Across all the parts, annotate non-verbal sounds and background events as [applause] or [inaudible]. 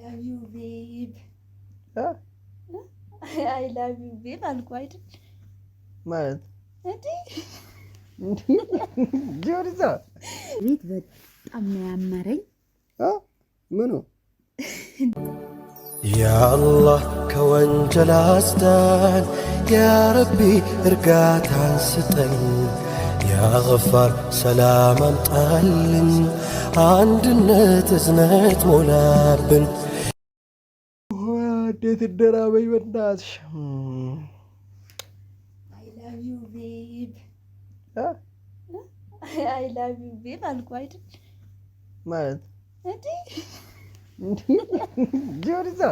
ላቭ ዩ ቤብ አይ ላቭ ዩ ቤብ አልኩህ አይደል? ማለት ቤት በጣም ያመረኝ። ምኑ ያአላህ ከወንጀል አስዳን፣ ያረቢ እርጋታን ስጠን፣ ያገፋር ሰላም አምጣልን፣ አንድነት እዝነት ሞላብን ትደራበኝ በእናትሽ። ማለት ጆሪዛ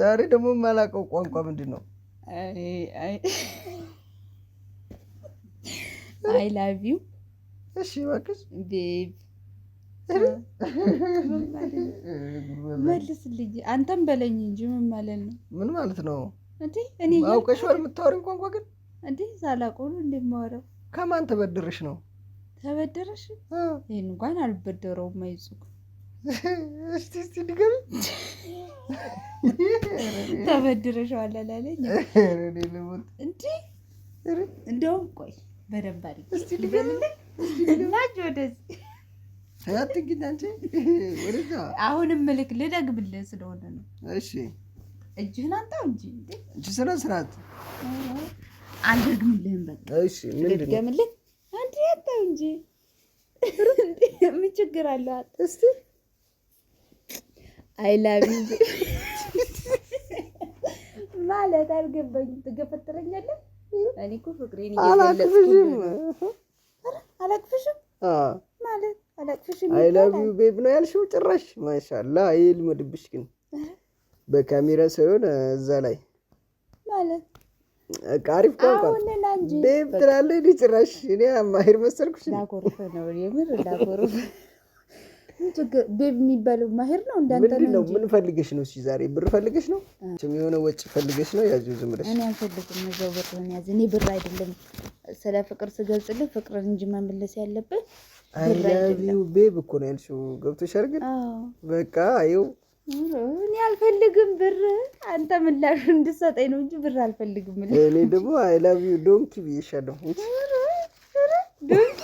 ዛሬ ደግሞ የማላውቀው ቋንቋ ምንድን ነው? አይ ላቭ ዩ። እሺ እባክሽ ቤብ መልስልኝ። አንተም በለኝ እንጂ ምን ማለት ነው? ምን ማለት ነው? እኔ አውቀሽ ወር የምታወሪኝ ቋንቋ ግን እንዴ ሳላውቀው ነው እንደማወራው። ከማን ተበድርሽ ነው? ተበድርሽ ይህን እንኳን አልበደረውም። አይዙቅ እስቲ እስቲ ድገም። ተበድረሻዋል አላለኝ እንዴ? እንደውም ቆይ በደንብ አድርጌ እስቲ ድገም። ናጅ ወደዚህ አሁንም ልክ ልደግምልህ ስለሆነ ነው። እሺ እጅህን አንጣው እንጂ እጅ ስነ ስርዓት አልደግምልህም። በቃ እሺ ልደግምልህ አንዴ አንጣው እንጂ ምን ችግር አለው? እስቲ አይ ላቭ ዩ ማለት አልገባኝም። ትገፈትረኛለህ። እኔ እኮ ፍቅሬን እየገለጽኩ አላቅፍሽም። አይ ላቭ ዩ ቤብ ነው ያልሽው? ጭራሽ ማሻላ ልመድብሽ ግን በካሜራ ሳይሆን እዛ ላይ ማለት አሪፍ ቋንቋ ቤብ ትላለህ። እኔ ጭራሽ እኔ ማሄር መሰልኩሽ። ቤብ የሚባለው ማሄር ነው እንዳንተ ነው። ምን ፈልገሽ ነው? እስኪ ዛሬ ብር ፈልገሽ ነው? የሆነ ወጪ ፈልገሽ ነው? ያዙ ዝም ብለሽ እኔ አልፈልግም። እዛው ብር ነው ያዝ። እኔ ብር አይደለም ስለ ፍቅር ስገልጽልህ ፍቅርን እንጂ መመለስ ያለብህ አይላቪው ቤብ እኮ ነው ያልሽው። ገብቶሻል ግን በቃ ይኸው እኔ አልፈልግም ብር፣ አንተ ምላሹ እንድሰጠኝ ነው እንጂ ብር አልፈልግም። እኔ ደግሞ አይላቪው ዶንኪ ብዬሻለሁ። ዶንኪ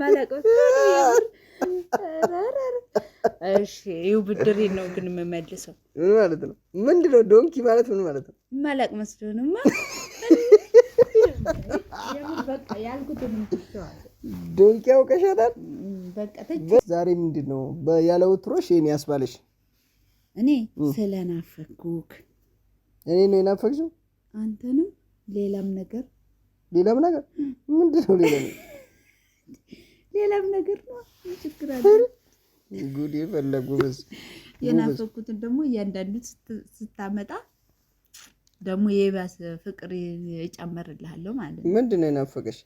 ማለቀው እሺ ይኸው ብድሬ ነው ግን የምመልሰው። ምን ማለት ነው? ምንድን ነው ዶንኪ ማለት ምን ማለት ነው? መላቅ መስሎንማ [laughs] ያልኩት ዶንቂ ያውቀሻታል። ዛሬ ምንድን ነው ያለ ውትሮሽ ይሄን ያስባለሽ? እኔ ስለናፈኩክ። እኔ ነው የናፈቅሽው? አንተንም ሌላም ነገር ሌላም ነገር ምንድን ነው? ሌላ ሌላም ነገር ነው። ችግር አለ። ጉድ የፈለጉ በስ የናፈኩትን ደግሞ እያንዳንዱ ስታመጣ ደግሞ የባሰ ፍቅር እጨመርልሃለሁ ማለት ነው። ምንድን ነው የናፈቀሽ?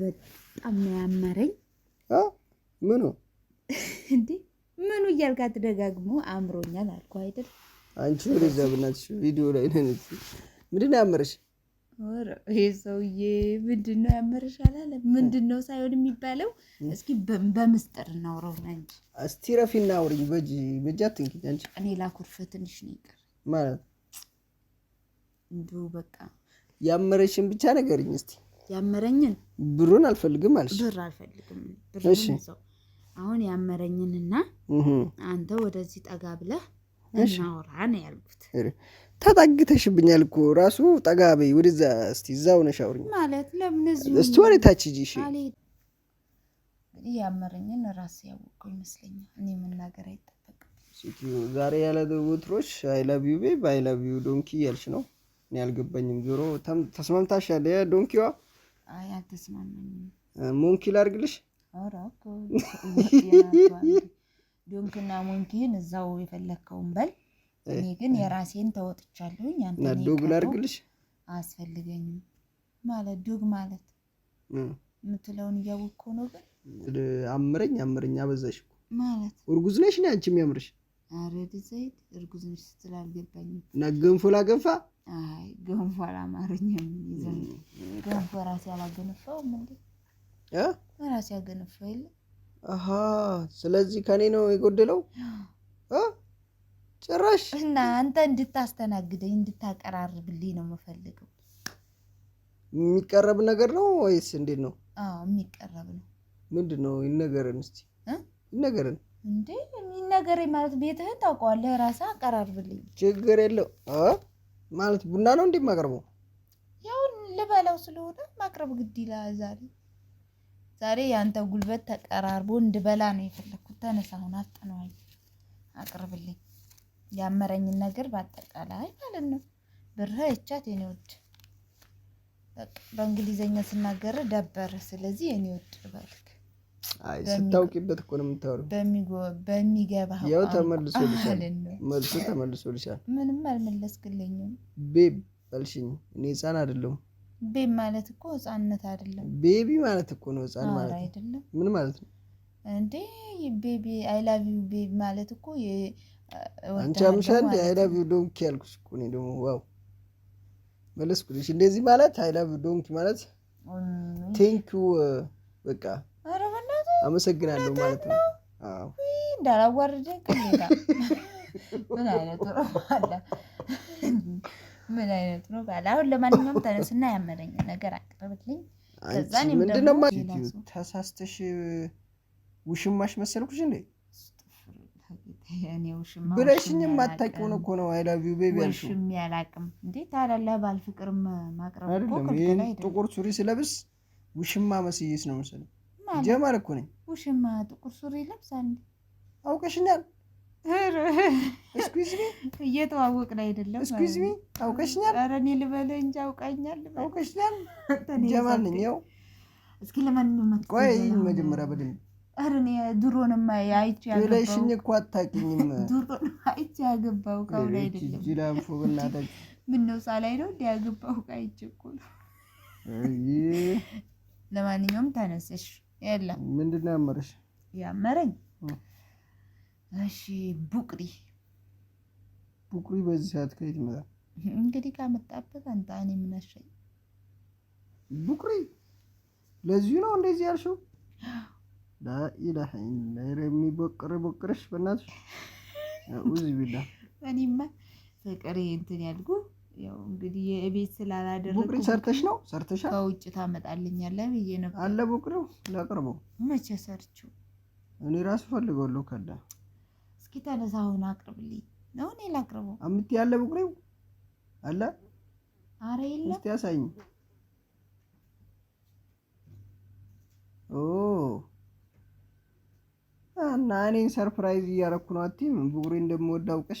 በጣም ያመረኝ። ምኑ እንዴ ምኑ እያልክ ደጋግሞ አምሮኛል አልኩ አይደል? አንቺ ወደዛ ብናትሽ ቪዲዮ ላይ ነን። ምንድን ነው ያመረሽ? ሰውዬ ምንድን ነው ያመረሽ አላለ። ምንድን ነው ሳይሆን የሚባለው እስኪ በምስጥር እናውረው እንጂ። እስቲ ረፊና አውሪኝ። በእጅ በእጅ አትንኪኝ አንቺ። እኔ ላኩርፍ ትንሽ ነው ይቀር ማለት እንዲሁ በቃ ያመረሽን ብቻ ነገርኝ እስቲ ያመረኝን ብሩን አልፈልግም አለች። ብር አልፈልግም ብሩን ሰው አሁን ያመረኝንና አንተ ወደዚህ ጠጋ ብለህ እናወራ ነው ያልኩት። ተጠግተሽብኛል እኮ ራሱ ጠጋ በይ ወደዛ፣ እስቲ እዛ ሆነሽ አውሪኝ ማለት ለምን እዚሁ እስቲ ወደ ታች ሂጂ። እሺ እንግዲህ ያመረኝን ራሴ ያወቀው ይመስለኛል። እኔ መናገር አይጠበቅም። ዛሬ ያለ ወትሮች አይላቢዩ ቤብ አይላቢዩ ዶንኪ ያልሽ ነው። እኔ አልገባኝም። ዞሮ ተስማምታሻል ዶንኪዋ አይ ሞንኪ ላድርግልሽ። ዶንክና ሞንኪን እዛው የፈለግከውን በል። እኔ ግን የራሴን ተወጥቻለሁኝ። አንተ ዶግ ላድርግልሽ። አያስፈልገኝም ማለት ዶግ ማለት የምትለውን እያወቅኩ ነው። ግን አምረኝ አምረኝ አበዛሽ ማለት እርጉዝ ነሽ ነ አንቺ የሚያምርሽ። ኧረ ዲዘይድ እርጉዝ ነሽ ስትል አልገባኝም። እና ላገንፋ አይ ገንፎ አላማረኝም። ይዘን ገንፎ ራሴ እንዴ? እ የለ። ስለዚህ ከኔ ነው የጎደለው እ ጭራሽ እና አንተ እንድታስተናግደኝ እንድታቀራርብልኝ ነው የምፈልገው። የሚቀረብ ነገር ነው ወይስ እንዴት ነው? አዎ የሚቀረብ ነው። ምንድን ነው እስቲ እንዴ ይነገረኝ ማለት ቤትህን ታውቀዋለህ። ራስህ አቀራርብልኝ። ችግር የለው ማለት ቡና ነው እንዴ የማቀርበው? ያው ልበላው ስለሆነ ማቅረብ ግድ ይላል። ዛሬ ዛሬ የአንተ ጉልበት ተቀራርቦ እንድበላ ነው የፈለግኩት። ተነሳ፣ አሁን አፍጥነዋል፣ አቅርብልኝ ያመረኝን ነገር በአጠቃላይ ማለት ነው። ብርህ ይቻት የኔ ውድ፣ በእንግሊዘኛ ስናገር ደበረ። ስለዚህ የኔ ውድ በልክ አይ ስታውቂበት እኮ ነው የምታወሪው። በሚገባህ ያው ተመልሶልሻል፣ መልሱ ተመልሶልሻል። ምንም አልመለስክልኝም። ቤብ አልሽኝ። እኔ ህፃን አይደለሁም። ቤብ ማለት እኮ ህፃንነት አይደለም። ቤቢ ማለት እኮ ነው። ህፃን ማለት አይደለም። ምን ማለት ነው እንዴ? ቤቢ አይ ላቭ ዩ ቤቢ ማለት እኮ አንቺ አምሻ እንዴ? አይ ላቭ ዩ ዶንኪ ያልኩሽ እኮ እኔ ደግሞ ዋው መለስኩልሽ። እንደዚህ ማለት አይ ላቭ ዩ ዶንኪ ማለት ቴንኪው በቃ አመሰግናለሁ ማለት ነው። እንዳላዋርድ [laughs] ምን አይነት ነው አለ [laughs] ምን አይነቱ ነው ባለ። አሁን ለማንኛውም ተነስና ያመረኝ ነገር አቅርብልኝ። ምንድነው ተሳስተሽ ውሽማሽ መሰልኩሽ እንዴ ብለሽኝም አታውቂውን እኮ ነው። አይ ቤቢ ውሽም ያላቅም እንዴ ታላላ ባል ፍቅርም ማቅረብ ጥቁር ሱሪ ስለብስ ውሽማ መስዬሽ ነው መሰለኝ ጀማል እኮ ነኝ። ውሽማ ጥቁር ሱሪ ለብሳል። አውቀሽኛል። እስኩዝሚ አይደለም። እስኩዝሚ አውቀሽኛል። ኧረ እኔ እንጂ አውቀሽኛል። [laughs] ጀማል ነኝ። ያው እስኪ ለማንኛውም ቆይ መጀመሪያ ኧረ እኔ ድሮንማ አይቼ ብለሽኝ እኮ አታውቂኝም። [laughs] ድሮን አይቼ አይደለም። ጅላንፎ [laughs] ምነው ሳላይ ነው እንደ አይቼ እኮ ነው። ለማንኛውም ተነስሽ የለም። ምንድን ነው ያመረሽ? ያመረኝ እሺ፣ ቡቅሪ ቡቅሪ። በዚህ ሰዓት ከየት ይመጣል? እንግዲህ ካመጣበት አንተ እኔ ምን አሸኝ። ቡቅሪ ለዚሁ ነው እንደዚህ ያልሽው? [gasps] ላኢላሀ ኢለላህ የሚቦቅር ቦቅርሽ በእናትሽ ኡዝ ቢላ እኔማ ፍቅሬ እንትን ያልኩ ያው እንግዲህ የቤት ስላላደረግኩ ቡቅሪ ሰርተሽ ነው ሰርተሻል? ከውጭ ታመጣልኛለህ ብዬ ነበር። አለ ቡቅሪው ላቅርቡ። መቼ ሰርችው? እኔ ራሱ ፈልገዋለሁ። ከለ እስኪ ተነሳ፣ አሁን አቅርብልኝ። ነው እኔ ላቅርበው። አምት ያለ ቡቅሪው አለ። አረ የለም። እስቲ ያሳኝ። ኦ እና እኔን ሰርፕራይዝ እያረኩ ነው። አትይም ቡቅሪ እንደምወድ አውቀሽ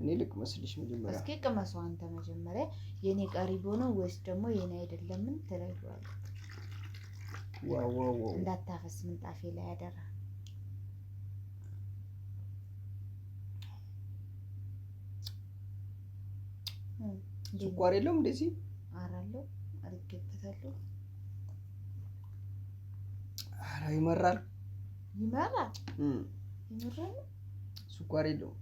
እኔ ልቅመስልሽ መጀመሪያ። እስኪ ቅመሱ አንተ መጀመሪያ። የእኔ ቀሪቦ ነው ወይስ ደግሞ የእኔ አይደለምን? ትለዩዋል። ዋው እንዳታፈስ ምንጣፌ ላይ አደራ። ስኳር የለውም እንደዚህ አራለሁ አድርጌበታለሁ። ኧረ ይመራል፣ ይመራል፣ ይመራል። ስኳር የለውም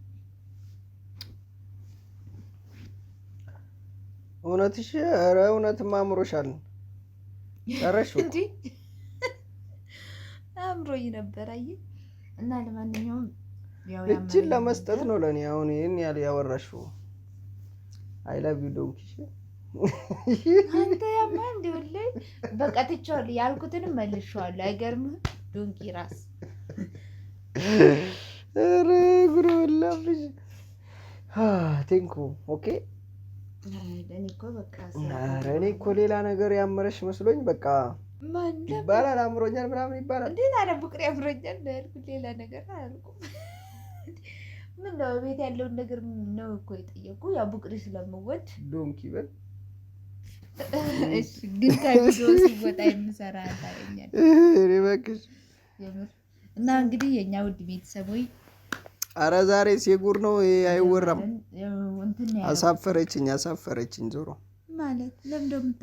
እውነትሽ? ኧረ እውነትም አምሮሻል። ጨረሽ እንዲ አምሮኝ ነበር። አይ እና ለማንኛውም እችን ለመስጠት ነው ለእኔ አሁን ይህን ያል ያወራሽው። አይ ላቭ ዩ ዶንኪሽ አንተ ያማ እንዲሁልኝ በቃ ትቼዋለሁ። ያልኩትንም መልሼዋለሁ። አይገርምም? ዶንኪ ራስ ረ ጉሮ በላብሽ። ቴንኩ ኦኬ ኧረ እኔ እኮ ሌላ ነገር ያመረሽ መስሎኝ በቃ ይባላል አምሮኛል ምናምን ይባላል። ሌላ ፍቅር ያምሮኛል ያልኩት ሌላ ነገር አላልኩም። [laughs] ምን ነው ቤት ያለውን ነገር ነው እኮ የጠየቁ ያ ቡቅሪ ስለምወድ ዶንኪ በል ግን ከቢሮ ሲወጣ የምሰራ ታገኛለህ እና እንግዲህ የእኛ ውድ ቤተሰቦች አረ ዛሬ ሲጉር ነው ይሄ አይወራም። አሳፈረችኝ አሳፈረችኝ ዞሮ ማለት